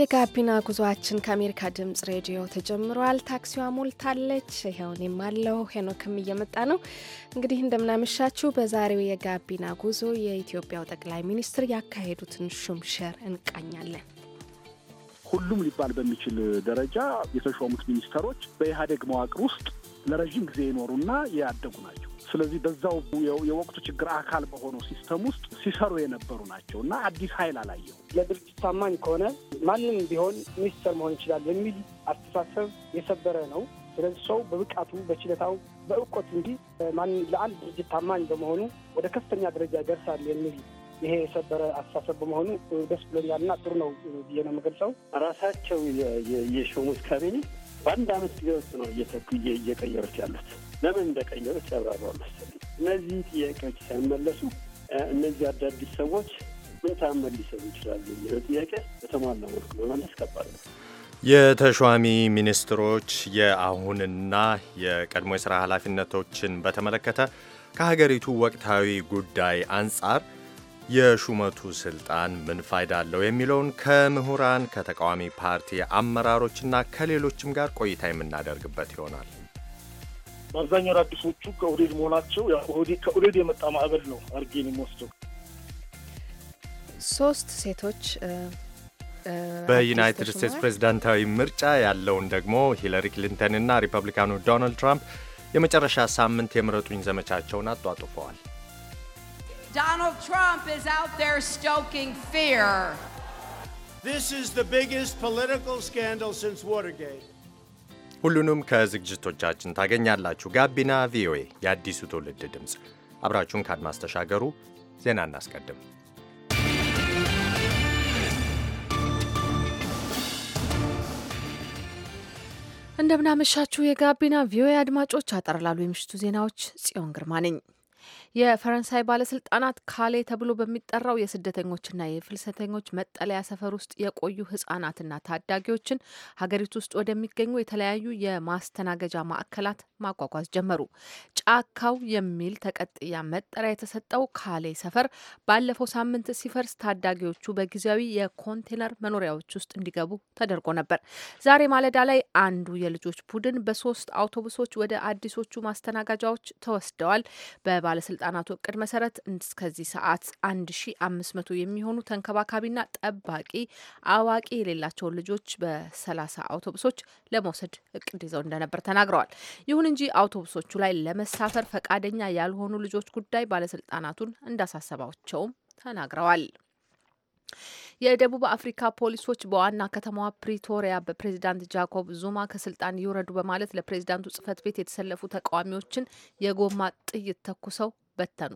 የጋቢና ጉዞአችን ከአሜሪካ ድምጽ ሬዲዮ ተጀምሯል። ታክሲዋ ሞልታለች። ይኸው እኔም ሄኖክም እየመጣ ነው። እንግዲህ እንደምናመሻችሁ። በዛሬው የጋቢና ጉዞ የኢትዮጵያው ጠቅላይ ሚኒስትር ያካሄዱትን ሹምሽር እንቃኛለን። ሁሉም ሊባል በሚችል ደረጃ የተሾሙት ሚኒስተሮች በኢህአዴግ መዋቅር ውስጥ ለረዥም ጊዜ የኖሩና ያደጉ ናቸው። ስለዚህ በዛው የወቅቱ ችግር አካል በሆነው ሲስተም ውስጥ ሲሰሩ የነበሩ ናቸው እና አዲስ ኃይል አላየው። ለድርጅት ታማኝ ከሆነ ማንም ቢሆን ሚኒስተር መሆን ይችላል የሚል አስተሳሰብ የሰበረ ነው። ስለዚህ ሰው በብቃቱ በችለታው፣ በእውቀቱ እንጂ ለአንድ ድርጅት ታማኝ በመሆኑ ወደ ከፍተኛ ደረጃ ይደርሳል የሚል ይሄ የሰበረ አስተሳሰብ በመሆኑ ደስ ብሎኛልና ጥሩ ነው ብዬ ነው የምገልጸው። ራሳቸው የሾሙት ካቢኔ በአንድ አመት ጊዜ ውስጥ ነው እየቀየሩት ያሉት። ለምን እንደቀየሩት ያብራራዋል መሰለኝ። እነዚህ ጥያቄዎች ሳይመለሱ እነዚህ አዳዲስ ሰዎች ምን ታመን ሊሰሩ ይችላሉ የሚለው ጥያቄ በተሟላ መልኩ መመለስ ከባድ ነው። የተሿሚ ሚኒስትሮች የአሁንና የቀድሞ የሥራ ኃላፊነቶችን በተመለከተ ከሀገሪቱ ወቅታዊ ጉዳይ አንጻር የሹመቱ ሥልጣን ምን ፋይዳ አለው የሚለውን ከምሁራን ከተቃዋሚ ፓርቲ አመራሮችና ከሌሎችም ጋር ቆይታ የምናደርግበት ይሆናል። በአብዛኛው አዳዲሶቹ ከኦህዴድ መሆናቸው ከኦህዴድ የመጣ ማዕበል ነው አድርጌ የሚወስደው። ሶስት ሴቶች በዩናይትድ ስቴትስ ፕሬዝዳንታዊ ምርጫ ያለውን ደግሞ ሂለሪ ክሊንተንና ሪፐብሊካኑ ዶናልድ ትራምፕ የመጨረሻ ሳምንት የምረጡኝ ዘመቻቸውን አጧጡፈዋል። ዶናልድ ሁሉንም ከዝግጅቶቻችን ታገኛላችሁ። ጋቢና ቪኦኤ የአዲሱ ትውልድ ድምፅ፣ አብራችሁን ካድማስ ተሻገሩ። ዜና እናስቀድም። እንደምናመሻችሁ የጋቢና ቪኦኤ አድማጮች፣ አጠር ላሉ የምሽቱ ዜናዎች ጽዮን ግርማ ነኝ። የፈረንሳይ ባለስልጣናት ካሌ ተብሎ በሚጠራው የስደተኞችና የፍልሰተኞች መጠለያ ሰፈር ውስጥ የቆዩ ህጻናትና ታዳጊዎችን ሀገሪቱ ውስጥ ወደሚገኙ የተለያዩ የማስተናገጃ ማዕከላት ማጓጓዝ ጀመሩ። ጫካው የሚል ተቀጥያ መጠሪያ የተሰጠው ካሌ ሰፈር ባለፈው ሳምንት ሲፈርስ ታዳጊዎቹ በጊዜያዊ የኮንቴነር መኖሪያዎች ውስጥ እንዲገቡ ተደርጎ ነበር። ዛሬ ማለዳ ላይ አንዱ የልጆች ቡድን በሶስት አውቶቡሶች ወደ አዲሶቹ ማስተናገጃዎች ተወስደዋል። በባለስልጣ ባለስልጣናቱ እቅድ መሰረት እስከዚህ ሰዓት 1500 የሚሆኑ ተንከባካቢና ጠባቂ አዋቂ የሌላቸውን ልጆች በ30 አውቶቡሶች ለመውሰድ እቅድ ይዘው እንደነበር ተናግረዋል። ይሁን እንጂ አውቶቡሶቹ ላይ ለመሳፈር ፈቃደኛ ያልሆኑ ልጆች ጉዳይ ባለስልጣናቱን እንዳሳሰባቸውም ተናግረዋል። የደቡብ አፍሪካ ፖሊሶች በዋና ከተማዋ ፕሪቶሪያ በፕሬዚዳንት ጃኮብ ዙማ ከስልጣን ይውረዱ በማለት ለፕሬዚዳንቱ ጽህፈት ቤት የተሰለፉ ተቃዋሚዎችን የጎማ ጥይት ተኩሰው በተኑ።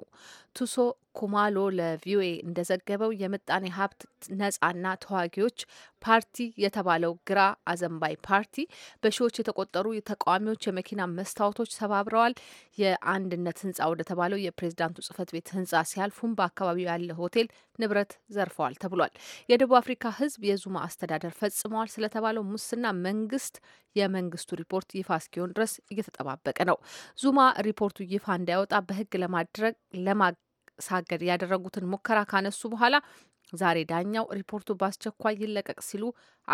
ቱሶ ኩማሎ ለቪኦኤ እንደዘገበው የምጣኔ ሀብት ነጻና ተዋጊዎች ፓርቲ የተባለው ግራ አዘንባይ ፓርቲ በሺዎች የተቆጠሩ ተቃዋሚዎች የመኪና መስታወቶች ሰባብረዋል። የአንድነት ህንጻ ወደ ተባለው የፕሬዝዳንቱ ጽህፈት ቤት ህንጻ ሲያልፉም በአካባቢው ያለ ሆቴል ንብረት ዘርፈዋል ተብሏል። የደቡብ አፍሪካ ህዝብ የዙማ አስተዳደር ፈጽመዋል ስለተባለው ሙስና መንግስት የመንግስቱ ሪፖርት ይፋ እስኪሆን ድረስ እየተጠባበቀ ነው። ዙማ ሪፖርቱ ይፋ እንዳይወጣ በህግ ለማድረግ ለማ ሳገድ ያደረጉትን ሙከራ ካነሱ በኋላ ዛሬ ዳኛው ሪፖርቱ በአስቸኳይ ይለቀቅ ሲሉ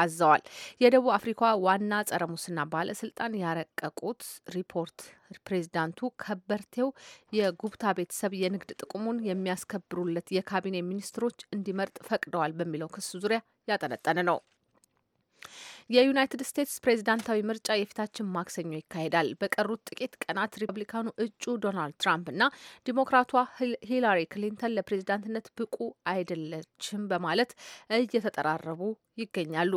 አዘዋል። የደቡብ አፍሪካ ዋና ጸረ ሙስና ባለስልጣን ያረቀቁት ሪፖርት ፕሬዚዳንቱ ከበርቴው የጉብታ ቤተሰብ የንግድ ጥቅሙን የሚያስከብሩለት የካቢኔ ሚኒስትሮች እንዲመርጥ ፈቅደዋል በሚለው ክስ ዙሪያ ያጠነጠነ ነው። የዩናይትድ ስቴትስ ፕሬዝዳንታዊ ምርጫ የፊታችን ማክሰኞ ይካሄዳል። በቀሩት ጥቂት ቀናት ሪፐብሊካኑ እጩ ዶናልድ ትራምፕ እና ዲሞክራቷ ሂላሪ ክሊንተን ለፕሬዝዳንትነት ብቁ አይደለችም በማለት እየተጠራረቡ ይገኛሉ።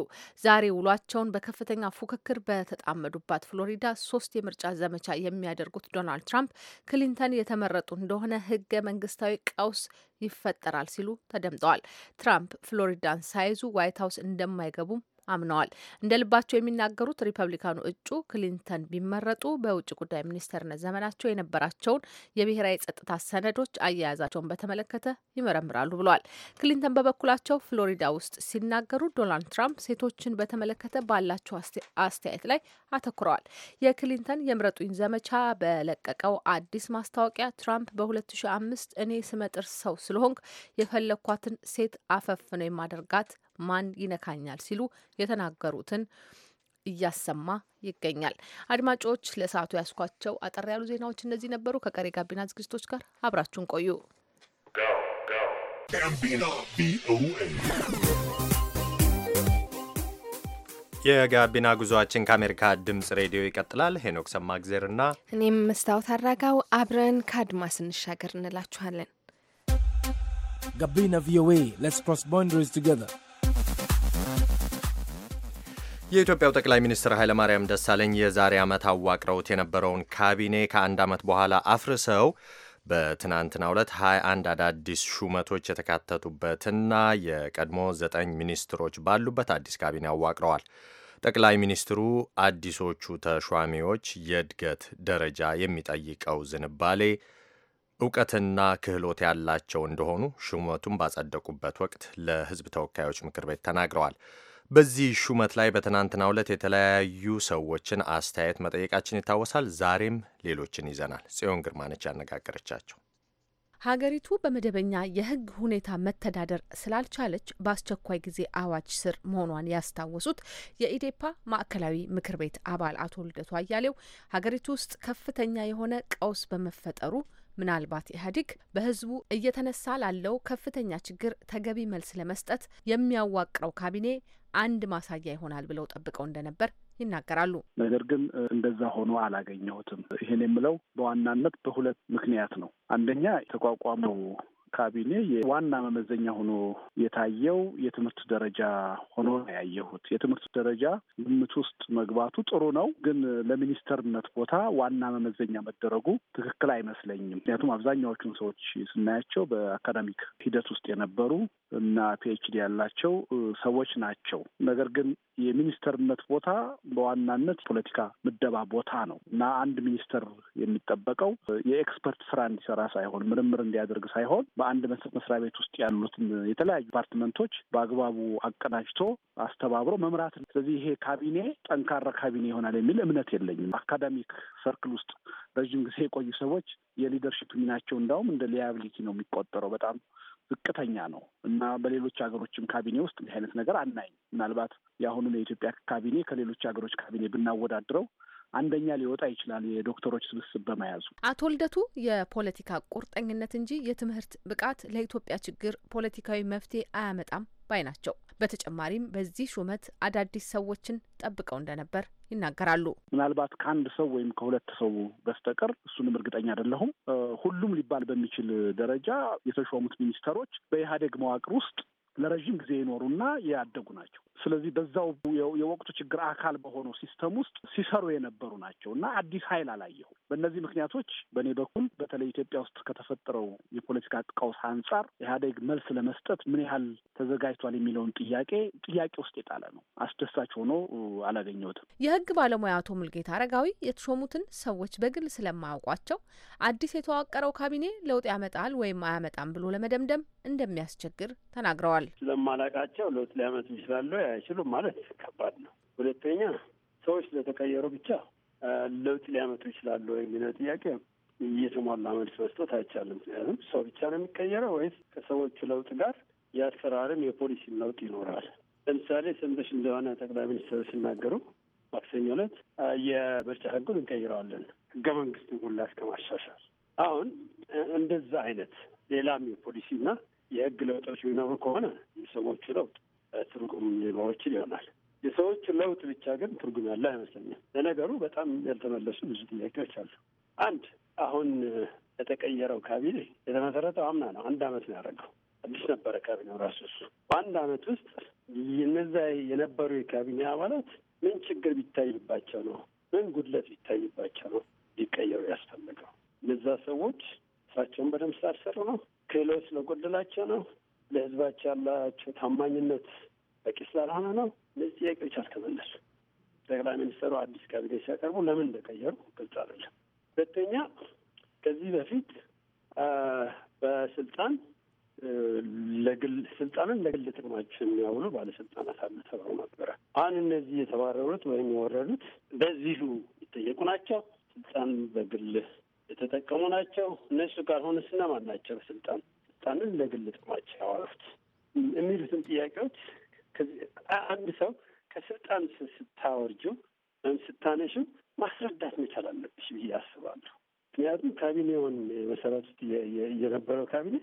ዛሬ ውሏቸውን በከፍተኛ ፉክክር በተጣመዱባት ፍሎሪዳ ሶስት የምርጫ ዘመቻ የሚያደርጉት ዶናልድ ትራምፕ ክሊንተን የተመረጡ እንደሆነ ህገ መንግስታዊ ቀውስ ይፈጠራል ሲሉ ተደምጠዋል። ትራምፕ ፍሎሪዳን ሳይዙ ዋይት ሀውስ እንደማይገቡም አምነዋል። እንደ ልባቸው የሚናገሩት ሪፐብሊካኑ እጩ ክሊንተን ቢመረጡ በውጭ ጉዳይ ሚኒስትርነት ዘመናቸው የነበራቸውን የብሔራዊ ጸጥታ ሰነዶች አያያዛቸውን በተመለከተ ይመረምራሉ ብለዋል። ክሊንተን በበኩላቸው ፍሎሪዳ ውስጥ ሲናገሩ ዶናልድ ትራምፕ ሴቶችን በተመለከተ ባላቸው አስተያየት ላይ አተኩረዋል። የክሊንተን የምረጡኝ ዘመቻ በለቀቀው አዲስ ማስታወቂያ ትራምፕ በ2005 እኔ ስመጥር ሰው ስለሆንክ የፈለኳትን ሴት አፈፍነው የማደርጋት ማን ይነካኛል ሲሉ የተናገሩትን እያሰማ ይገኛል። አድማጮች ለሰዓቱ ያስኳቸው አጠር ያሉ ዜናዎች እነዚህ ነበሩ። ከቀሪ ጋቢና ዝግጅቶች ጋር አብራችሁን ቆዩ። የጋቢና ጉዞአችን ከአሜሪካ ድምጽ ሬዲዮ ይቀጥላል። ሄኖክ ሰማግዜርና እኔም መስታወት አራጋው አብረን ከአድማስ እንሻገር እንላችኋለን። ጋቢና ቪኦኤ ሌትስ ክሮስ ባውንደሪስ ቱጌዘር የኢትዮጵያው ጠቅላይ ሚኒስትር ኃይለማርያም ደሳለኝ የዛሬ ዓመት አዋቅረውት የነበረውን ካቢኔ ከአንድ ዓመት በኋላ አፍርሰው በትናንትናው ዕለት 21 አዳዲስ ሹመቶች የተካተቱበትና የቀድሞ ዘጠኝ ሚኒስትሮች ባሉበት አዲስ ካቢኔ አዋቅረዋል። ጠቅላይ ሚኒስትሩ አዲሶቹ ተሿሚዎች የእድገት ደረጃ የሚጠይቀው ዝንባሌ እውቀትና ክህሎት ያላቸው እንደሆኑ ሹመቱን ባጸደቁበት ወቅት ለሕዝብ ተወካዮች ምክር ቤት ተናግረዋል። በዚህ ሹመት ላይ በትናንትና ዕለት የተለያዩ ሰዎችን አስተያየት መጠየቃችን ይታወሳል። ዛሬም ሌሎችን ይዘናል። ጽዮን ግርማ ነች ያነጋገረቻቸው። ሀገሪቱ በመደበኛ የሕግ ሁኔታ መተዳደር ስላልቻለች በአስቸኳይ ጊዜ አዋጅ ስር መሆኗን ያስታወሱት የኢዴፓ ማዕከላዊ ምክር ቤት አባል አቶ ልደቱ አያሌው ሀገሪቱ ውስጥ ከፍተኛ የሆነ ቀውስ በመፈጠሩ ምናልባት ኢህአዴግ በህዝቡ እየተነሳ ላለው ከፍተኛ ችግር ተገቢ መልስ ለመስጠት የሚያዋቅረው ካቢኔ አንድ ማሳያ ይሆናል ብለው ጠብቀው እንደነበር ይናገራሉ። ነገር ግን እንደዛ ሆኖ አላገኘሁትም። ይህን የምለው በዋናነት በሁለት ምክንያት ነው። አንደኛ የተቋቋመው ካቢኔ ዋና መመዘኛ ሆኖ የታየው የትምህርት ደረጃ ሆኖ ያየሁት። የትምህርት ደረጃ ግምት ውስጥ መግባቱ ጥሩ ነው፣ ግን ለሚኒስተርነት ቦታ ዋና መመዘኛ መደረጉ ትክክል አይመስለኝም። ምክንያቱም አብዛኛዎቹን ሰዎች ስናያቸው በአካዳሚክ ሂደት ውስጥ የነበሩ እና ፒኤችዲ ያላቸው ሰዎች ናቸው። ነገር ግን የሚኒስተርነት ቦታ በዋናነት ፖለቲካ ምደባ ቦታ ነው እና አንድ ሚኒስተር የሚጠበቀው የኤክስፐርት ስራ እንዲሰራ ሳይሆን ምርምር እንዲያደርግ ሳይሆን በአንድ መስሪያ ቤት ውስጥ ያሉትን የተለያዩ ዲፓርትመንቶች በአግባቡ አቀናጅቶ አስተባብሮ መምራት። ስለዚህ ይሄ ካቢኔ ጠንካራ ካቢኔ ይሆናል የሚል እምነት የለኝም። አካዳሚክ ሰርክል ውስጥ ረዥም ጊዜ የቆዩ ሰዎች የሊደርሽፕ ሚናቸው እንዳውም እንደ ሊያብሊቲ ነው የሚቆጠረው በጣም ዝቅተኛ ነው እና በሌሎች ሀገሮችም ካቢኔ ውስጥ እንዲህ አይነት ነገር አናይም። ምናልባት የአሁኑን የኢትዮጵያ ካቢኔ ከሌሎች ሀገሮች ካቢኔ ብናወዳድረው አንደኛ ሊወጣ ይችላል የዶክተሮች ስብስብ በመያዙ። አቶ ልደቱ የፖለቲካ ቁርጠኝነት እንጂ የትምህርት ብቃት ለኢትዮጵያ ችግር ፖለቲካዊ መፍትሄ አያመጣም ባይ ናቸው። በተጨማሪም በዚህ ሹመት አዳዲስ ሰዎችን ጠብቀው እንደነበር ይናገራሉ። ምናልባት ከአንድ ሰው ወይም ከሁለት ሰው በስተቀር እሱንም እርግጠኛ አይደለሁም። ሁሉም ሊባል በሚችል ደረጃ የተሾሙት ሚኒስተሮች በኢህአዴግ መዋቅር ውስጥ ለረዥም ጊዜ የኖሩና ያደጉ ናቸው። ስለዚህ በዛው የወቅቱ ችግር አካል በሆነው ሲስተም ውስጥ ሲሰሩ የነበሩ ናቸው እና አዲስ ኃይል አላየሁም። በእነዚህ ምክንያቶች በእኔ በኩል በተለይ ኢትዮጵያ ውስጥ ከተፈጠረው የፖለቲካ ቀውስ አንጻር ኢህአዴግ መልስ ለመስጠት ምን ያህል ተዘጋጅቷል የሚለውን ጥያቄ ጥያቄ ውስጥ የጣለ ነው። አስደሳች ሆኖ አላገኘሁትም። የህግ ባለሙያ አቶ ሙልጌታ አረጋዊ የተሾሙትን ሰዎች በግል ስለማያውቋቸው አዲስ የተዋቀረው ካቢኔ ለውጥ ያመጣል ወይም አያመጣም ብሎ ለመደምደም እንደሚያስቸግር ተናግረዋል። ይችላል? ስለማላቃቸው ለውጥ ሊያመጡ ይችላሉ አይችሉም ማለት ከባድ ነው። ሁለተኛ ሰዎች ስለተቀየሩ ብቻ ለውጥ ሊያመጡ ይችላሉ የሚለው ጥያቄ እየተሟላ መልስ መስጠት አይቻልም። ምክንያቱም ሰው ብቻ ነው የሚቀየረው ወይስ ከሰዎቹ ለውጥ ጋር የአሰራርም የፖሊሲም ለውጥ ይኖራል? ለምሳሌ ሰምተሽ እንደሆነ ጠቅላይ ሚኒስትር ሲናገሩ ማክሰኞ ዕለት የምርጫ ህጉን እንቀይረዋለን ህገ መንግስትን ሁላ እስከ ማሻሻል አሁን እንደዛ አይነት ሌላም የፖሊሲና የህግ ለውጦች የሚኖሩ ከሆነ የሰዎቹ ለውጥ ትርጉም ሊኖር ይችል ይሆናል። የሰዎቹ ለውጥ ብቻ ግን ትርጉም ያለ አይመስለኛል። ለነገሩ በጣም ያልተመለሱ ብዙ ጥያቄዎች አሉ። አንድ አሁን የተቀየረው ካቢኔ የተመሰረተው አምና ነው። አንድ አመት ነው ያደረገው። አዲስ ነበረ ካቢኔው ራሱ። እሱ በአንድ አመት ውስጥ እነዛ የነበሩ የካቢኔ አባላት ምን ችግር ቢታይባቸው ነው? ምን ጉድለት ቢታይባቸው ነው ሊቀየሩ ያስፈልገው? እነዛ ሰዎች ስራቸውን በደንብ ስላልሰሩ ነው ክህሎት ስለጎደላቸው ነው። ለህዝባቸው ያላቸው ታማኝነት በቂ ስላልሆነ ነው። እነዚህ ጥያቄዎች አልተመለሱ። ጠቅላይ ሚኒስትሩ አዲስ ካቢኔ ሲያቀርቡ ለምን እንደቀየሩ ግልጽ አይደለም። ሁለተኛ ከዚህ በፊት በስልጣን ለግል ስልጣንን ለግል ጥቅማቸው የሚያውሉ ባለስልጣናት አሉ ተብሎ ነበረ። አሁን እነዚህ የተባረሩት ወይም የወረዱት በዚሁ ይጠየቁ ናቸው። ስልጣን በግል የተጠቀሙ ናቸው። እነሱ ካልሆነ እነማን ናቸው በስልጣን ስልጣንን ለግል ጥቅማቸው ያዋሉት የሚሉትን ጥያቄዎች አንድ ሰው ከስልጣን ስታወርጁ ወይም ስታነሹ ማስረዳት መቻል አለብሽ ብዬ አስባለሁ። ምክንያቱም ካቢኔውን የመሰረቱት የነበረው ካቢኔ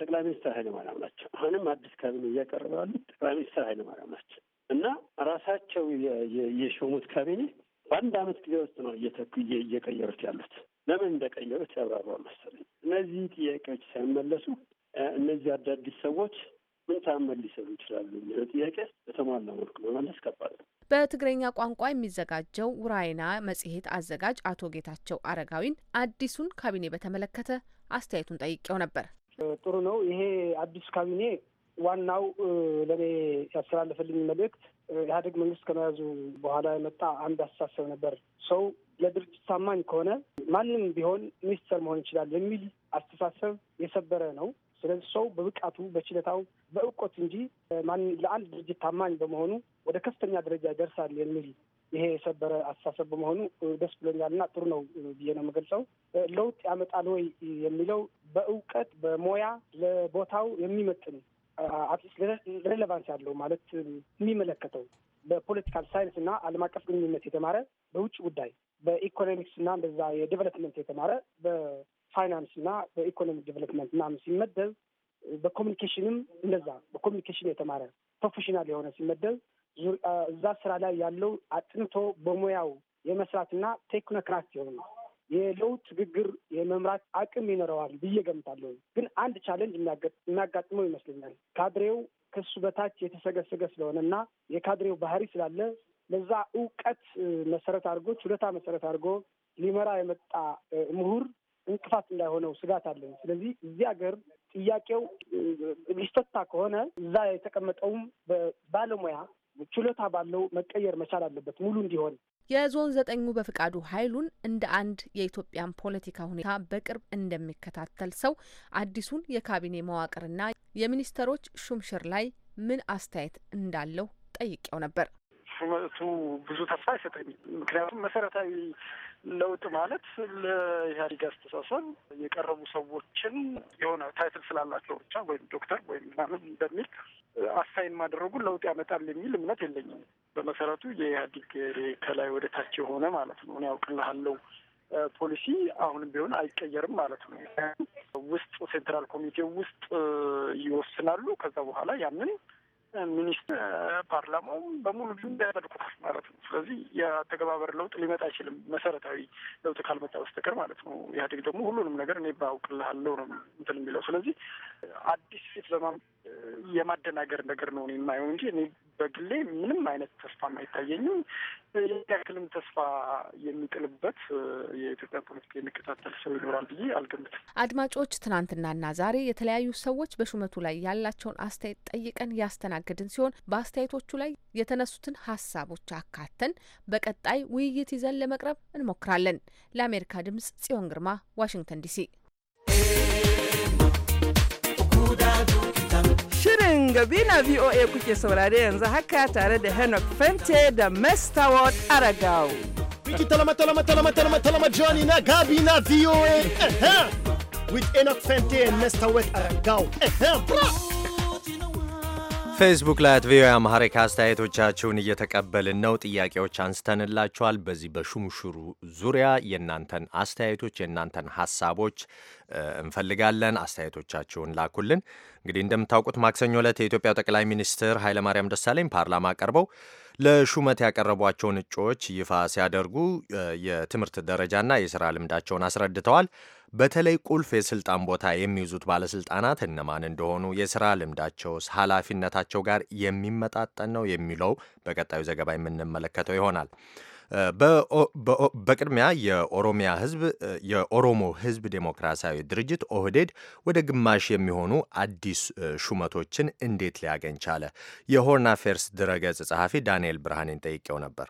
ጠቅላይ ሚኒስትር ኃይለማርያም ናቸው። አሁንም አዲስ ካቢኔ እያቀረበ ያሉት ጠቅላይ ሚኒስትር ኃይለማርያም ናቸው እና ራሳቸው የሾሙት ካቢኔ በአንድ አመት ጊዜ ውስጥ ነው እየተኩ እየቀየሩት ያሉት ለምን እንደቀየሩት ያብራራ መሰለኝ። እነዚህ ጥያቄዎች ሳይመለሱ እነዚህ አዳዲስ ሰዎች ምን ታመል ሊሰሩ ይችላሉ የሚለው ጥያቄ በተሟላ መልኩ መመለስ ከባድ ነው። በትግረኛ ቋንቋ የሚዘጋጀው ውራይና መጽሔት አዘጋጅ አቶ ጌታቸው አረጋዊን አዲሱን ካቢኔ በተመለከተ አስተያየቱን ጠይቄው ነበር። ጥሩ ነው። ይሄ አዲስ ካቢኔ ዋናው ለእኔ ያስተላለፈልኝ መልእክት ኢህአዴግ መንግስት ከመያዙ በኋላ የመጣ አንድ አስተሳሰብ ነበር። ሰው ለድርጅት ታማኝ ከሆነ ማንም ቢሆን ሚኒስትር መሆን ይችላል የሚል አስተሳሰብ የሰበረ ነው። ስለዚህ ሰው በብቃቱ በችለታው፣ በእውቀቱ እንጂ ለአንድ ድርጅት ታማኝ በመሆኑ ወደ ከፍተኛ ደረጃ ይደርሳል የሚል ይሄ የሰበረ አስተሳሰብ በመሆኑ ደስ ብሎኛል እና ጥሩ ነው ብዬ ነው የምገልጸው። ለውጥ ያመጣል ወይ የሚለው በእውቀት በሞያ ለቦታው የሚመጥን አትሊስት ሬሌቫንስ ያለው ማለት የሚመለከተው በፖለቲካል ሳይንስ እና ዓለም አቀፍ ግንኙነት የተማረ በውጭ ጉዳይ በኢኮኖሚክስ እና በዛ የዴቨሎፕመንት የተማረ በፋይናንስ እና በኢኮኖሚክ ዴቨሎፕመንት ምናምን ሲመደብ በኮሚኒኬሽንም እንደዛ በኮሚኒኬሽን የተማረ ፕሮፌሽናል የሆነ ሲመደብ እዛ ስራ ላይ ያለው አጥንቶ በሙያው የመስራትና ቴክኖክራት የሆነ የለውጥ ግግር የመምራት አቅም ይኖረዋል ብዬ ገምታለሁ። ግን አንድ ቻለንጅ የሚያጋጥመው ይመስለኛል ካድሬው ከሱ በታች የተሰገሰገ ስለሆነ እና የካድሬው ባህሪ ስላለ ለዛ እውቀት መሰረት አድርጎ ችሎታ መሰረት አድርጎ ሊመራ የመጣ ምሁር እንቅፋት እንዳይሆነው ስጋት አለን። ስለዚህ እዚህ ሀገር ጥያቄው ሊፈታ ከሆነ እዛ የተቀመጠውም ባለሙያ ችሎታ ባለው መቀየር መቻል አለበት ሙሉ እንዲሆን። የዞን ዘጠኙ በፍቃዱ ኃይሉን እንደ አንድ የኢትዮጵያን ፖለቲካ ሁኔታ በቅርብ እንደሚከታተል ሰው አዲሱን የካቢኔ መዋቅርና የሚኒስትሮች ሹምሽር ላይ ምን አስተያየት እንዳለው ጠይቄው ነበር። ሹመቱ ብዙ ተስፋ አይሰጠኝም። ምክንያቱም መሰረታዊ ለውጥ ማለት ለኢህአዴግ አስተሳሰብ የቀረቡ ሰዎችን የሆነ ታይትል ስላላቸው ብቻ ወይም ዶክተር ወይም ምናምን በሚል አሳይን ማደረጉ ለውጥ ያመጣል የሚል እምነት የለኝም። በመሰረቱ የኢህአዴግ ከላይ ወደ ታች የሆነ ማለት ነው ያውቅልሃለው ፖሊሲ አሁንም ቢሆን አይቀየርም ማለት ነው። ውስጥ ሴንትራል ኮሚቴ ውስጥ ይወስናሉ። ከዛ በኋላ ያንን ሚኒስትር ፓርላማው በሙሉ ያጸድቁታል ማለት ነው። ስለዚህ የአተገባበር ለውጥ ሊመጣ አይችልም፣ መሰረታዊ ለውጥ ካልመጣ በስተቀር ማለት ነው። ኢህአዴግ ደግሞ ሁሉንም ነገር እኔ ባውቅልሃለሁ ነው እንትን የሚለው ስለዚህ አዲስ ፊት ለማምጣት የማደናገር ነገር ነው የማየው እንጂ እኔ በግሌ ምንም አይነት ተስፋ አይታየኝም። ያክልም ተስፋ የሚጥልበት የኢትዮጵያ ፖለቲካ የሚከታተል ሰው ይኖራል ብዬ አልገምትም። አድማጮች፣ ትናንትናና ዛሬ የተለያዩ ሰዎች በሹመቱ ላይ ያላቸውን አስተያየት ጠይቀን ያስተናገድን ሲሆን በአስተያየቶቹ ላይ የተነሱትን ሀሳቦች አካተን በቀጣይ ውይይት ይዘን ለመቅረብ እንሞክራለን። ለአሜሪካ ድምጽ ጽዮን ግርማ ዋሽንግተን ዲሲ። Gabina VOA kuke saurare yanzu haka tare da henok Fente da Mr. Ward Aragao. Wiki talama talama talama talama talama Johnny na Gabina VOA. With henok Fente and Mr. Ward Bra! ፌስቡክ ላይ አት ቪኦኤ አስተያየቶቻችሁን እየተቀበልን ነው። ጥያቄዎች አንስተንላችኋል። በዚህ በሹምሹሩ ዙሪያ የእናንተን አስተያየቶች የእናንተን ሀሳቦች እንፈልጋለን። አስተያየቶቻችሁን ላኩልን። እንግዲህ እንደምታውቁት ማክሰኞ ዕለት የኢትዮጵያ ጠቅላይ ሚኒስትር ኃይለማርያም ደሳለኝ ፓርላማ ቀርበው ለሹመት ያቀረቧቸውን እጩዎች ይፋ ሲያደርጉ የትምህርት ደረጃና የስራ ልምዳቸውን አስረድተዋል። በተለይ ቁልፍ የስልጣን ቦታ የሚይዙት ባለስልጣናት እነማን እንደሆኑ፣ የስራ ልምዳቸውስ ኃላፊነታቸው ጋር የሚመጣጠን ነው የሚለው በቀጣዩ ዘገባ የምንመለከተው ይሆናል። በቅድሚያ የኦሮሚያ ህዝብ የኦሮሞ ህዝብ ዴሞክራሲያዊ ድርጅት ኦህዴድ ወደ ግማሽ የሚሆኑ አዲስ ሹመቶችን እንዴት ሊያገኝ ቻለ? የሆርን አፌርስ ድረገጽ ጸሐፊ ዳንኤል ብርሃኔን ጠይቄው ነበር።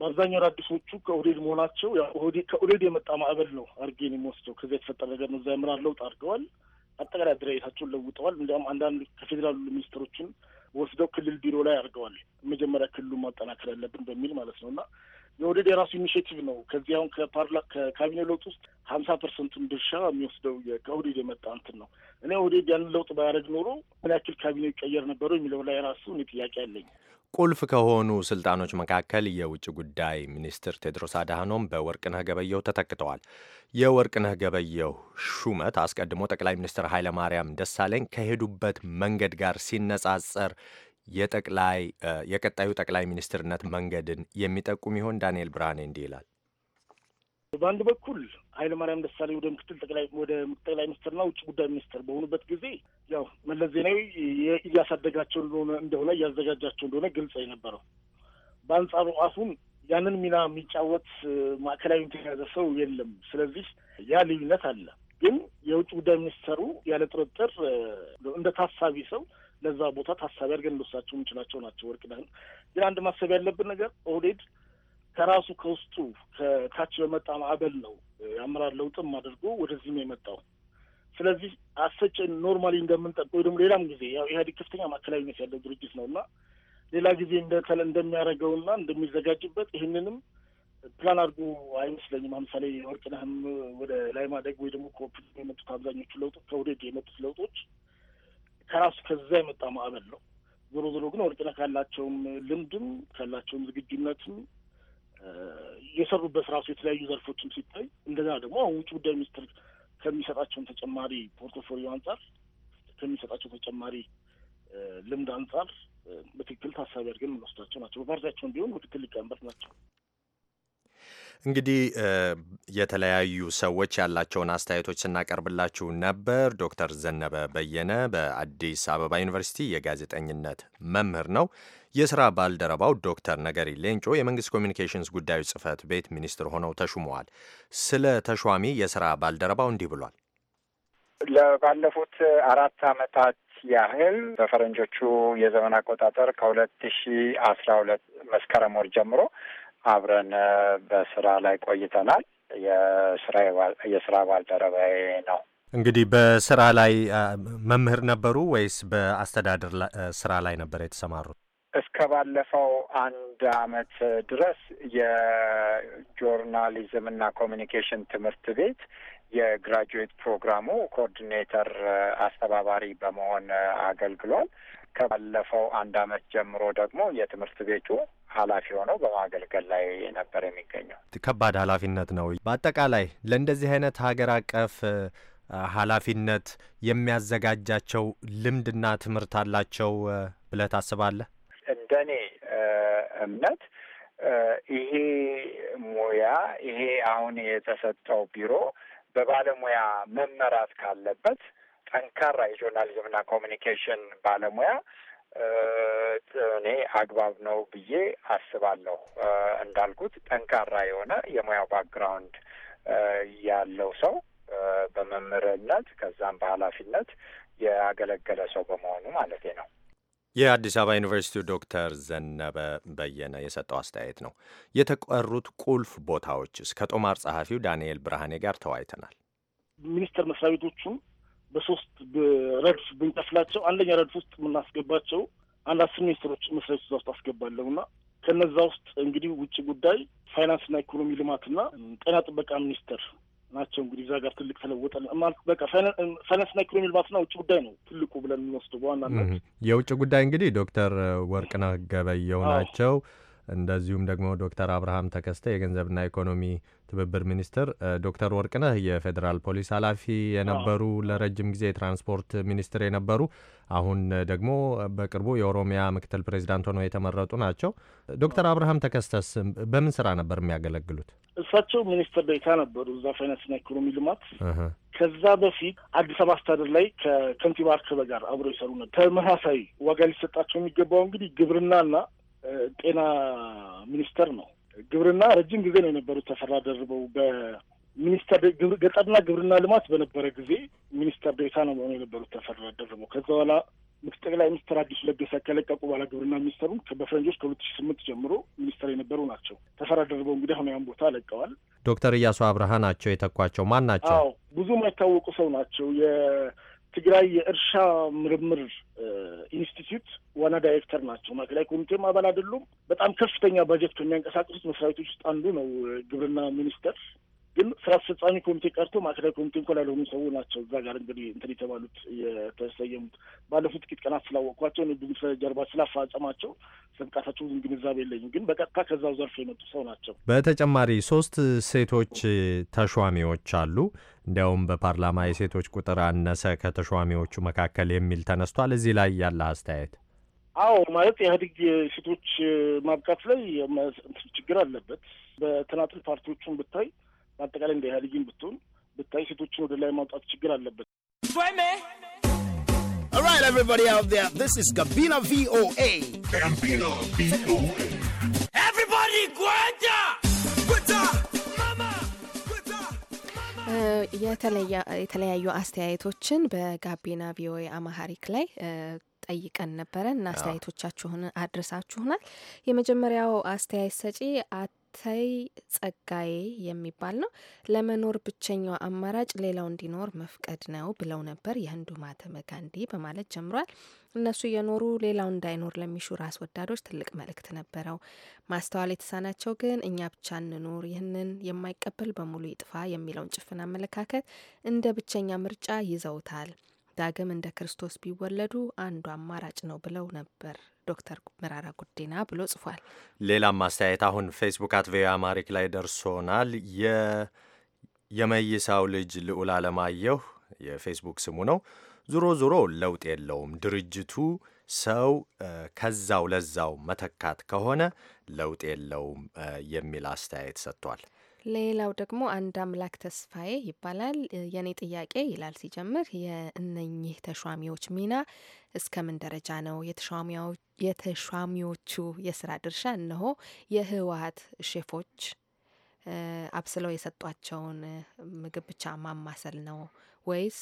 በአብዛኛው አዳዲሶቹ ከኦህዴድ መሆናቸው ኦህዴድ ከኦህዴድ የመጣ ማዕበል ነው አርጌን የሚወስደው። ከዚያ የተፈጠረ ነገር ነው። እዛ የምራር ለውጥ አድርገዋል። አጠቃላይ አደረጃጀታቸውን ለውጠዋል። እንዲያውም አንዳንድ ከፌዴራሉ ሚኒስትሮችን ወስደው ክልል ቢሮ ላይ አድርገዋል። መጀመሪያ ክልሉን ማጠናከር ያለብን በሚል ማለት ነው እና የኦህዴድ የራሱ ኢኒሽቲቭ ነው። ከዚህ አሁን ከፓርላ ከካቢኔ ለውጥ ውስጥ ሀምሳ ፐርሰንቱን ድርሻ የሚወስደው ከኦህዴድ የመጣ እንትን ነው። እኔ ኦህዴድ ያንን ለውጥ ባያደርግ ኖሮ ምን ያክል ካቢኔ ይቀየር ነበረው የሚለው ላይ ራሱ እኔ ጥያቄ አለኝ። ቁልፍ ከሆኑ ስልጣኖች መካከል የውጭ ጉዳይ ሚኒስትር ቴድሮስ አድሃኖም በወርቅነህ ገበየሁ ተተክተዋል። የወርቅነህ ገበየሁ ሹመት አስቀድሞ ጠቅላይ ሚኒስትር ኃይለማርያም ደሳለኝ ከሄዱበት መንገድ ጋር ሲነጻጸር የጠቅላይ የቀጣዩ ጠቅላይ ሚኒስትርነት መንገድን የሚጠቁም ይሆን? ዳንኤል ብርሃኔ እንዲህ ይላል። በአንድ በኩል ማርያም ደሳሌ ወደ ምክትል ጠቅላይ ወደ ጠቅላይ ሚኒስትርና ውጭ ጉዳይ ሚኒስትር በሆኑበት ጊዜ ያው መለስ ዜናዊ እያሳደጋቸው እንደሆነ እንደሆነ እያዘጋጃቸው እንደሆነ ግልጽ የነበረው በአንጻሩ አሁን ያንን ሚና የሚጫወት ማዕከላዊ የያዘ ሰው የለም። ስለዚህ ያ ልዩነት አለ። ግን የውጭ ጉዳይ ሚኒስተሩ ያለ ጥርጥር እንደ ታሳቢ ሰው ለዛ ቦታ ታሳቢ አድርገን እንደወሳቸው ምንጭ ናቸው ናቸው ወርቅነህን ግን አንድ ማሰብ ያለብን ነገር ኦህዴድ ከራሱ ከውስጡ ከታች በመጣ ማዕበል ነው የአመራር ለውጥም አድርጎ ወደዚህም የመጣው። ስለዚህ አሰጭ ኖርማሊ እንደምንጠብቀው ደግሞ ሌላም ጊዜ ያው ኢህአዴግ ከፍተኛ ማዕከላዊነት ያለው ድርጅት ነው እና ሌላ ጊዜ እንደተለ እንደሚያደርገውና እንደሚዘጋጅበት ይህንንም ፕላን አድርጎ አይመስለኝም። ለምሳሌ ወርቅነህም ወደ ላይ ማደግ ወይ ደግሞ ከኦፒዲዮ የመጡት አብዛኞቹ ለውጦች ከውዴድ የመጡት ለውጦች ከራሱ ከዛ የመጣ ማዕበል ነው። ዞሮ ዞሮ ግን ወርቅነህ ካላቸውም ልምድም ካላቸውም ዝግጁነትም የሰሩበት ራሱ የተለያዩ ዘርፎችም ሲታይ እንደገና ደግሞ ውጭ ጉዳይ ሚኒስትር ከሚሰጣቸውን ተጨማሪ ፖርቶፎሊዮ አንጻር ከሚሰጣቸው ተጨማሪ ልምድ አንጻር በትክክል ታሳቢ አድርገን የምንወስዳቸው ናቸው። በፓርቲያቸውን ቢሆን ምክትል ሊቀመንበር ናቸው። እንግዲህ የተለያዩ ሰዎች ያላቸውን አስተያየቶች ስናቀርብላችሁ ነበር። ዶክተር ዘነበ በየነ በአዲስ አበባ ዩኒቨርሲቲ የጋዜጠኝነት መምህር ነው። የስራ ባልደረባው ዶክተር ነገሪ ሌንጮ የመንግስት ኮሚኒኬሽንስ ጉዳዮች ጽህፈት ቤት ሚኒስትር ሆነው ተሹመዋል። ስለ ተሿሚ የስራ ባልደረባው እንዲህ ብሏል። ለባለፉት አራት አመታት ያህል በፈረንጆቹ የዘመን አቆጣጠር ከሁለት ሺ አስራ ሁለት መስከረም ወር ጀምሮ አብረን በስራ ላይ ቆይተናል። የስራ የስራ ባልደረባዬ ነው። እንግዲህ በስራ ላይ መምህር ነበሩ ወይስ በአስተዳደር ስራ ላይ ነበር የተሰማሩት? እስከ ባለፈው አንድ አመት ድረስ የጆርናሊዝም እና ኮሚኒኬሽን ትምህርት ቤት የግራጁዌት ፕሮግራሙ ኮኦርዲኔተር አስተባባሪ በመሆን አገልግሏል። ከባለፈው አንድ አመት ጀምሮ ደግሞ የትምህርት ቤቱ ኃላፊ ሆነው በማገልገል ላይ ነበር የሚገኘው። ከባድ ኃላፊነት ነው። በአጠቃላይ ለእንደዚህ አይነት ሀገር አቀፍ ኃላፊነት የሚያዘጋጃቸው ልምድና ትምህርት አላቸው ብለህ ታስባለህ? እንደ እኔ እምነት ይሄ ሙያ ይሄ አሁን የተሰጠው ቢሮ በባለሙያ መመራት ካለበት ጠንካራ የጆርናሊዝምና ኮሚኒኬሽን ባለሙያ እኔ አግባብ ነው ብዬ አስባለሁ። እንዳልኩት ጠንካራ የሆነ የሙያው ባክግራውንድ ያለው ሰው በመምህርነት ከዛም በኃላፊነት ያገለገለ ሰው በመሆኑ ማለት ነው። የአዲስ አበባ ዩኒቨርሲቲው ዶክተር ዘነበ በየነ የሰጠው አስተያየት ነው። የተቀሩት ቁልፍ ቦታዎችስ? ከጦማር ጸሐፊው ዳንኤል ብርሃኔ ጋር ተወያይተናል። ሚኒስቴር መስሪያ ቤቶቹን በሶስት ረድፍ ብንከፍላቸው አንደኛ ረድፍ ውስጥ የምናስገባቸው አንድ አስር ሚኒስትሮች መስሪያ ቤቶች ውስጥ አስገባለሁ እና ከነዛ ውስጥ እንግዲህ ውጭ ጉዳይ፣ ፋይናንስና ኢኮኖሚ ልማትና ጤና ጥበቃ ሚኒስቴር ናቸው። እንግዲህ እዛ ጋር ትልቅ ተለወጠ ማለት በቃ ፋይናንስና ኢኮኖሚ ልማትና ውጭ ጉዳይ ነው ትልቁ ብለን የምንወስደው በዋናነት የውጭ ጉዳይ እንግዲህ ዶክተር ወርቅነህ ገበየው ናቸው። እንደዚሁም ደግሞ ዶክተር አብርሃም ተከስተ የገንዘብና ኢኮኖሚ ትብብር ሚኒስትር፣ ዶክተር ወርቅነህ የፌዴራል ፖሊስ ኃላፊ የነበሩ ለረጅም ጊዜ የትራንስፖርት ሚኒስትር የነበሩ አሁን ደግሞ በቅርቡ የኦሮሚያ ምክትል ፕሬዚዳንት ሆነው የተመረጡ ናቸው። ዶክተር አብርሃም ተከስተስ በምን ስራ ነበር የሚያገለግሉት? እሳቸው ሚኒስትር ዴኤታ ነበሩ እዛ ፋይናንስና ኢኮኖሚ ልማት። ከዛ በፊት አዲስ አበባ አስተዳደር ላይ ከከንቲባ አርከበ ጋር አብረው ይሰሩ ነበር። ተመሳሳይ ዋጋ ሊሰጣቸው የሚገባው እንግዲህ ግብርናና ጤና ሚኒስቴር ነው። ግብርና ረጅም ጊዜ ነው የነበሩት ተፈራ ደርበው ሚኒስተር ገጠርና ግብርና ልማት በነበረ ጊዜ ሚኒስተር ዴታ ነው መሆኑ የነበሩት ተፈራ ደርቦ። ከዛ በኋላ ምክ ጠቅላይ ሚኒስትር አዲሱ ለገሰ ከለቀቁ በኋላ ግብርና ሚኒስተሩን በፈረንጆች ከሁለት ሺ ስምንት ጀምሮ ሚኒስተር የነበሩ ናቸው። ተፈራ ደርቦ እንግዲህ አሁን ያን ቦታ ለቀዋል። ዶክተር እያሱ አብርሃ ናቸው የተኳቸው። ማን ናቸው? አዎ ብዙ የማይታወቁ ሰው ናቸው። የትግራይ የእርሻ ምርምር ኢንስቲትዩት ዋና ዳይሬክተር ናቸው። ማዕከላዊ ኮሚቴም አባል አይደሉም። በጣም ከፍተኛ ባጀት ከሚያንቀሳቀሱት መስሪያ ቤቶች ውስጥ አንዱ ነው ግብርና ሚኒስተር ግን ስራ አስፈጻሚ ኮሚቴ ቀርቶ ማዕከላዊ ኮሚቴ እንኳን ያልሆኑ ሰው ናቸው። እዛ ጋር እንግዲህ እንትን የተባሉት የተሰየሙት ባለፉት ጥቂት ቀናት ስላወቅኳቸው ንግዱ ጀርባ ስላፋጸማቸው ስብቃታቸው ብዙም ግንዛቤ የለኝም። ግን በቀጥታ ከዛው ዘርፍ የመጡ ሰው ናቸው። በተጨማሪ ሶስት ሴቶች ተሿሚዎች አሉ። እንዲያውም በፓርላማ የሴቶች ቁጥር አነሰ ከተሿሚዎቹ መካከል የሚል ተነስቷል። እዚህ ላይ ያለ አስተያየት? አዎ ማለት ኢህአዴግ ሴቶች ማብቃት ላይ ችግር አለበት። በተናጥል ፓርቲዎቹን ብታይ በአጠቃላይ እንደ ኢህአዴግም ብትሆን ብታይ ሴቶችን ወደ ላይ ማውጣት ችግር አለበት። Alright, everybody out there, this is Gabina VOA. Gabina VOA. Everybody, Guanta! Eh, የተለያዩ አስተያየቶችን በጋቢና ቪኦኤ አማሃሪክ ላይ eh, ጠይቀን ነበረ እና አስተያየቶቻችሁን አድርሳችሁናል። የመጀመሪያው አስተያየት ሰጪ ተይ ጸጋዬ የሚባል ነው። ለመኖር ብቸኛው አማራጭ ሌላው እንዲኖር መፍቀድ ነው ብለው ነበር የህንዱ ማህተመ ጋንዲ በማለት ጀምሯል። እነሱ እየኖሩ ሌላው እንዳይኖር ለሚሹ ራስ ወዳዶች ትልቅ መልእክት ነበረው። ማስተዋል የተሳናቸው ግን እኛ ብቻ እንኑር፣ ይህንን የማይቀበል በሙሉ ይጥፋ የሚለውን ጭፍን አመለካከት እንደ ብቸኛ ምርጫ ይዘውታል። ዳግም እንደ ክርስቶስ ቢወለዱ አንዱ አማራጭ ነው ብለው ነበር ዶክተር መራራ ጉዲና ብሎ ጽፏል። ሌላም አስተያየት አሁን ፌስቡክ አት ቪኦኤ አማሪክ ላይ ደርሶናል። የመይሳው ልጅ ልዑል አለማየሁ የፌስቡክ ስሙ ነው። ዞሮ ዞሮ ለውጥ የለውም ድርጅቱ ሰው ከዛው ለዛው መተካት ከሆነ ለውጥ የለውም የሚል አስተያየት ሰጥቷል። ሌላው ደግሞ አንድ አምላክ ተስፋዬ ይባላል። የኔ ጥያቄ ይላል ሲጀምር የእነኚህ ተሿሚዎች ሚና እስከምን ደረጃ ነው? የተሿሚዎቹ የስራ ድርሻ እነሆ የህወሀት ሼፎች አብስለው የሰጧቸውን ምግብ ብቻ ማማሰል ነው ወይስ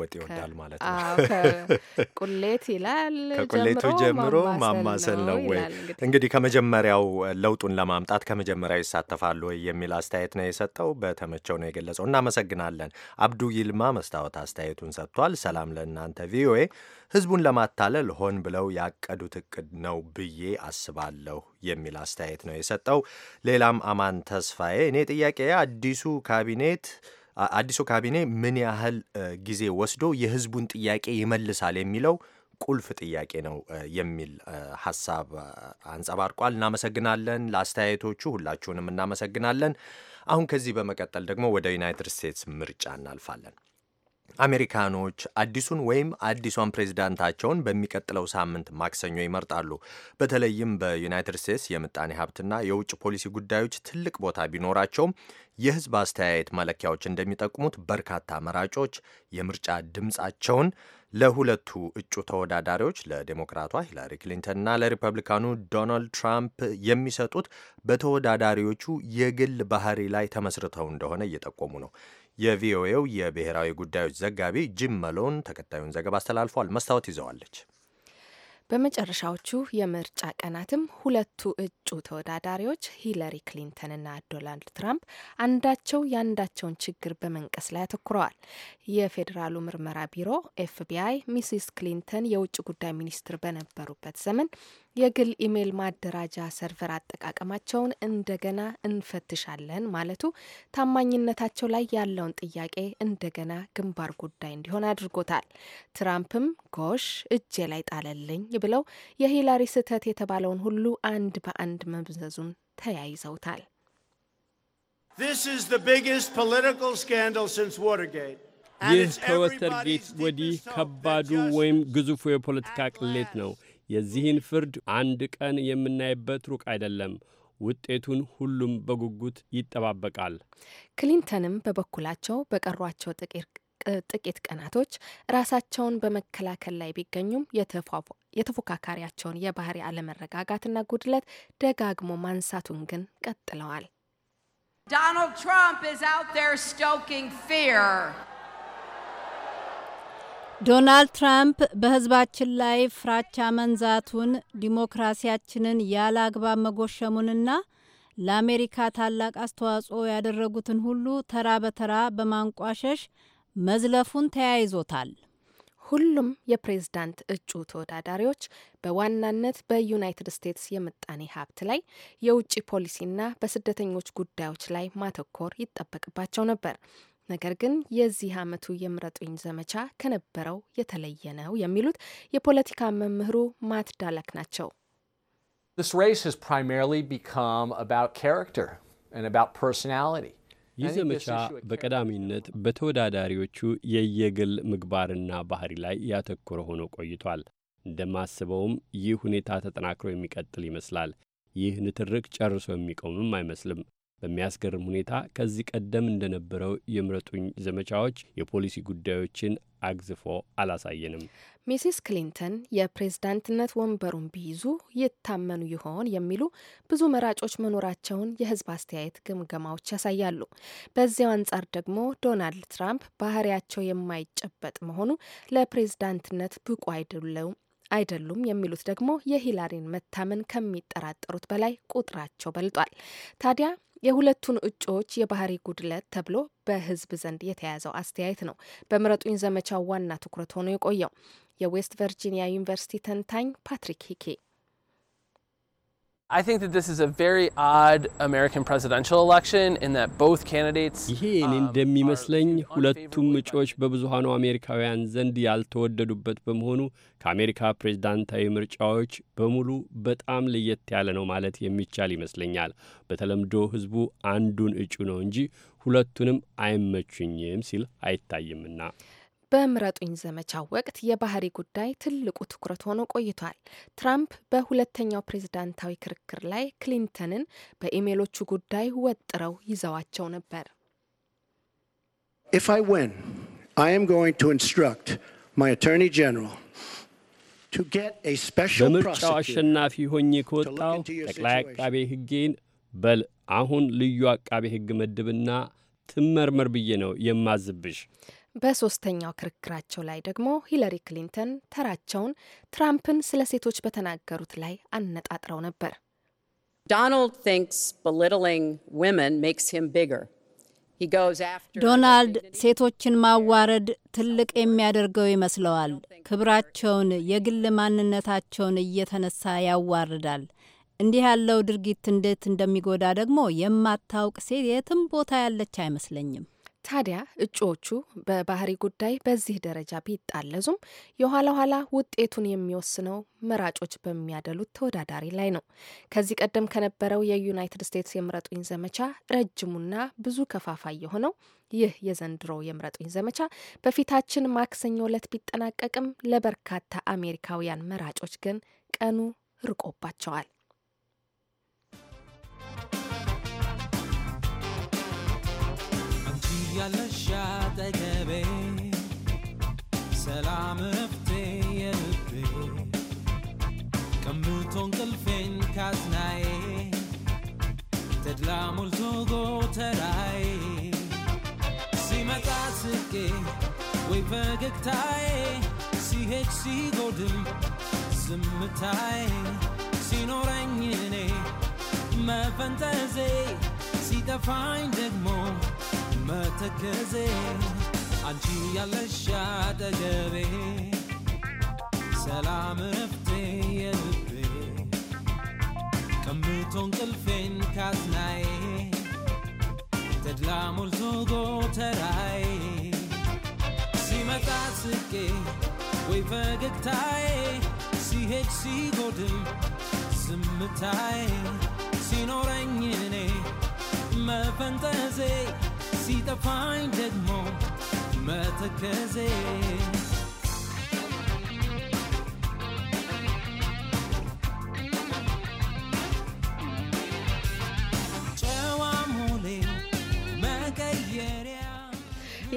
ወጥ ይወዳል ማለት ነው። ቁሌት ይላል ከቁሌቱ ጀምሮ ማማሰል ነው ወይ? እንግዲህ ከመጀመሪያው ለውጡን ለማምጣት ከመጀመሪያው ይሳተፋሉ ወይ የሚል አስተያየት ነው የሰጠው። በተመቸው ነው የገለጸው። እናመሰግናለን። አብዱ ይልማ መስታወት አስተያየቱን ሰጥቷል። ሰላም ለእናንተ ቪኦኤ። ህዝቡን ለማታለል ሆን ብለው ያቀዱት እቅድ ነው ብዬ አስባለሁ የሚል አስተያየት ነው የሰጠው። ሌላም አማን ተስፋዬ እኔ ጥያቄ አዲሱ ካቢኔት አዲሱ ካቢኔ ምን ያህል ጊዜ ወስዶ የህዝቡን ጥያቄ ይመልሳል የሚለው ቁልፍ ጥያቄ ነው የሚል ሀሳብ አንጸባርቋል። እናመሰግናለን ለአስተያየቶቹ፣ ሁላችሁንም እናመሰግናለን። አሁን ከዚህ በመቀጠል ደግሞ ወደ ዩናይትድ ስቴትስ ምርጫ እናልፋለን። አሜሪካኖች አዲሱን ወይም አዲሷን ፕሬዚዳንታቸውን በሚቀጥለው ሳምንት ማክሰኞ ይመርጣሉ። በተለይም በዩናይትድ ስቴትስ የምጣኔ ሀብትና የውጭ ፖሊሲ ጉዳዮች ትልቅ ቦታ ቢኖራቸውም የሕዝብ አስተያየት መለኪያዎች እንደሚጠቁሙት በርካታ መራጮች የምርጫ ድምፃቸውን ለሁለቱ እጩ ተወዳዳሪዎች ለዴሞክራቷ ሂላሪ ክሊንተንና ለሪፐብሊካኑ ዶናልድ ትራምፕ የሚሰጡት በተወዳዳሪዎቹ የግል ባህሪ ላይ ተመስርተው እንደሆነ እየጠቆሙ ነው። የቪኦኤው የብሔራዊ ጉዳዮች ዘጋቢ ጂም መሎን ተከታዩን ዘገባ አስተላልፏል። መስታወት ይዘዋለች። በመጨረሻዎቹ የምርጫ ቀናትም ሁለቱ እጩ ተወዳዳሪዎች ሂለሪ ክሊንተን እና ዶናልድ ትራምፕ አንዳቸው የአንዳቸውን ችግር በመንቀስ ላይ አተኩረዋል። የፌዴራሉ ምርመራ ቢሮ ኤፍቢአይ ሚስስ ክሊንተን የውጭ ጉዳይ ሚኒስትር በነበሩበት ዘመን የግል ኢሜይል ማደራጃ ሰርቨር አጠቃቀማቸውን እንደገና እንፈትሻለን ማለቱ ታማኝነታቸው ላይ ያለውን ጥያቄ እንደገና ግንባር ጉዳይ እንዲሆን አድርጎታል። ትራምፕም ጎሽ እጄ ላይ ጣለልኝ ብለው የሂላሪ ስህተት የተባለውን ሁሉ አንድ በአንድ መምዘዙን ተያይዘውታል። ይህ ከወተርጌት ወዲህ ከባዱ ወይም ግዙፉ የፖለቲካ ቅሌት ነው። የዚህን ፍርድ አንድ ቀን የምናይበት ሩቅ አይደለም። ውጤቱን ሁሉም በጉጉት ይጠባበቃል። ክሊንተንም በበኩላቸው በቀሯቸው ጥቂት ቀናቶች ራሳቸውን በመከላከል ላይ ቢገኙም የተፎካካሪያቸውን የባህሪ አለመረጋጋትና ጉድለት ደጋግሞ ማንሳቱን ግን ቀጥለዋል። ዶናልድ ትራምፕ ዶናልድ ትራምፕ በህዝባችን ላይ ፍራቻ መንዛቱን ዲሞክራሲያችንን ያለ አግባብ መጎሸሙንና ለአሜሪካ ታላቅ አስተዋጽኦ ያደረጉትን ሁሉ ተራ በተራ በማንቋሸሽ መዝለፉን ተያይዞታል። ሁሉም የፕሬዝዳንት እጩ ተወዳዳሪዎች በዋናነት በዩናይትድ ስቴትስ የምጣኔ ሀብት ላይ፣ የውጭ ፖሊሲና በስደተኞች ጉዳዮች ላይ ማተኮር ይጠበቅባቸው ነበር። ነገር ግን የዚህ አመቱ የምረጡኝ ዘመቻ ከነበረው የተለየ ነው የሚሉት የፖለቲካ መምህሩ ማት ዳለክ ናቸው። ይህ ዘመቻ በቀዳሚነት በተወዳዳሪዎቹ የየግል ምግባርና ባህሪ ላይ ያተኮረ ሆኖ ቆይቷል። እንደማስበውም ይህ ሁኔታ ተጠናክሮ የሚቀጥል ይመስላል። ይህ ንትርክ ጨርሶ የሚቆምም አይመስልም። በሚያስገርም ሁኔታ ከዚህ ቀደም እንደነበረው የምረጡኝ ዘመቻዎች የፖሊሲ ጉዳዮችን አግዝፎ አላሳየንም። ሚሲስ ክሊንተን የፕሬዝዳንትነት ወንበሩን ቢይዙ ይታመኑ ይሆን የሚሉ ብዙ መራጮች መኖራቸውን የሕዝብ አስተያየት ግምገማዎች ያሳያሉ። በዚያው አንጻር ደግሞ ዶናልድ ትራምፕ ባህሪያቸው የማይጨበጥ መሆኑ ለፕሬዝዳንትነት ብቁ አይደሉም አይደሉም የሚሉት ደግሞ የሂላሪን መታመን ከሚጠራጠሩት በላይ ቁጥራቸው በልጧል። ታዲያ የሁለቱን እጩዎች የባህሪ ጉድለት ተብሎ በህዝብ ዘንድ የተያዘው አስተያየት ነው በምረጡኝ ዘመቻው ዋና ትኩረት ሆኖ የቆየው። የዌስት ቨርጂኒያ ዩኒቨርሲቲ ተንታኝ ፓትሪክ ሂኬ ይሄ እኔ um, እንደሚመስለኝ ሁለቱም እጩዎች በብዙሃኑ አሜሪካውያን ዘንድ ያልተወደዱበት በመሆኑ ከአሜሪካ ፕሬዝዳንታዊ ምርጫዎች በሙሉ በጣም ለየት ያለ ነው ማለት የሚቻል ይመስለኛል። በተለምዶ ህዝቡ አንዱን እጩ ነው እንጂ ሁለቱንም አይመቹኝም ሲል አይታይምና በምረጡኝ ዘመቻው ወቅት የባህሪ ጉዳይ ትልቁ ትኩረት ሆኖ ቆይቷል። ትራምፕ በሁለተኛው ፕሬዝዳንታዊ ክርክር ላይ ክሊንተንን በኢሜሎቹ ጉዳይ ወጥረው ይዘዋቸው ነበር። If I win, I am going to instruct my attorney general to get a special በምርጫው አሸናፊ ሆኜ ከወጣው ጠቅላይ አቃቤ ሕጌን በል አሁን ልዩ አቃቤ ሕግ መድብና ትመርመር ብዬ ነው የማዝብሽ በሶስተኛው ክርክራቸው ላይ ደግሞ ሂለሪ ክሊንተን ተራቸውን ትራምፕን ስለ ሴቶች በተናገሩት ላይ አነጣጥረው ነበር። ዶናልድ ሴቶችን ማዋረድ ትልቅ የሚያደርገው ይመስለዋል። ክብራቸውን፣ የግል ማንነታቸውን እየተነሳ ያዋርዳል። እንዲህ ያለው ድርጊት እንዴት እንደሚጎዳ ደግሞ የማታውቅ ሴት የትም ቦታ ያለች አይመስለኝም። ታዲያ እጩዎቹ በባህሪ ጉዳይ በዚህ ደረጃ ቢጣለዙም የኋላ ኋላ ውጤቱን የሚወስነው መራጮች በሚያደሉት ተወዳዳሪ ላይ ነው። ከዚህ ቀደም ከነበረው የዩናይትድ ስቴትስ የምረጡኝ ዘመቻ ረጅሙና ብዙ ከፋፋይ የሆነው ይህ የዘንድሮ የምረጡኝ ዘመቻ በፊታችን ማክሰኞ ዕለት ቢጠናቀቅም ለበርካታ አሜሪካውያን መራጮች ግን ቀኑ ርቆባቸዋል። ያለሻት አጠገቤ ሰላም እፍቴ የልቤ ቀምቶ እንቅልፌን ካዝናዬ ተድላ ሞልቶ ጎተራዬ ሲመጣ ስቄ ወይ ፈገግታዬ ሲሄድ ሲጎድም ዝምታዬ ሲኖረኝ እኔ መፈንጠዜ ሲጠፋኝ ደግሞ መተከዜ አንቺ ያለሽ አጠገቤ ሰላም እረፍቴ የልቤ ቀምቶ እንቅልፌን ካዝናዬ ተድላ ሞልቶ ጎተራዬ ሲመጣ ስቄ ወይ ፈገግታዬ ሲሄድ ሲጎድም ዝምታዬ ሲኖረኝ እኔ መፈንጠዜ sita find it mo meta kaze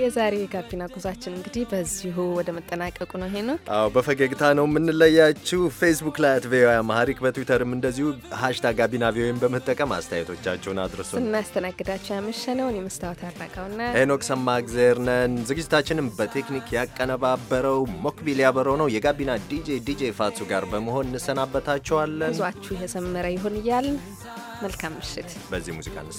የዛሬ የጋቢና ጉዟችን እንግዲህ በዚሁ ወደ መጠናቀቁ ነው። ሄኖክ አዎ፣ በፈገግታ ነው የምንለያችው። ፌስቡክ ላይ አት ቪኦኤ አማሪክ በትዊተርም እንደዚሁ ሀሽታግ ጋቢና ቪኦኤም በመጠቀም አስተያየቶቻችሁን አድርሱ። እናስተናግዳችሁ ያመሸነውን የመስታወት አራቃውና ሄኖክ ሰማ እግዜር ነን። ዝግጅታችንም በቴክኒክ ያቀነባበረው ሞክቢል ያበረው ነው። የጋቢና ዲጄ ዲጄ ፋቱ ጋር በመሆን እንሰናበታችኋለን። ጉዟችሁ የሰመረ ይሁን እያልን መልካም ምሽት በዚህ ሙዚቃ